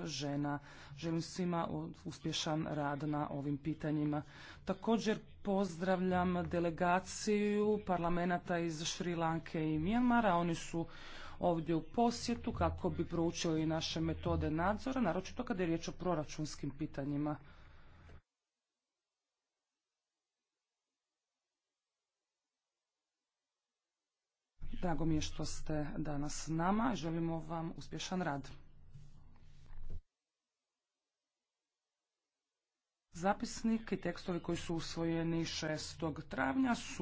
žena. Želim svima uspješan rad na ovim pitanjima. Također pozdravljam delegaciju parlamenta iz Šrilanke i Mijanmara. Oni su ovdje u posjetu kako bi proučili naše metode nadzora, naročito kada je riječ o proračunskim pitanjima. Drago mi je što ste danas s nama. Želimo vam uspješan rad. Zapisnik i tekstovi koji su usvojeni 6. travnja su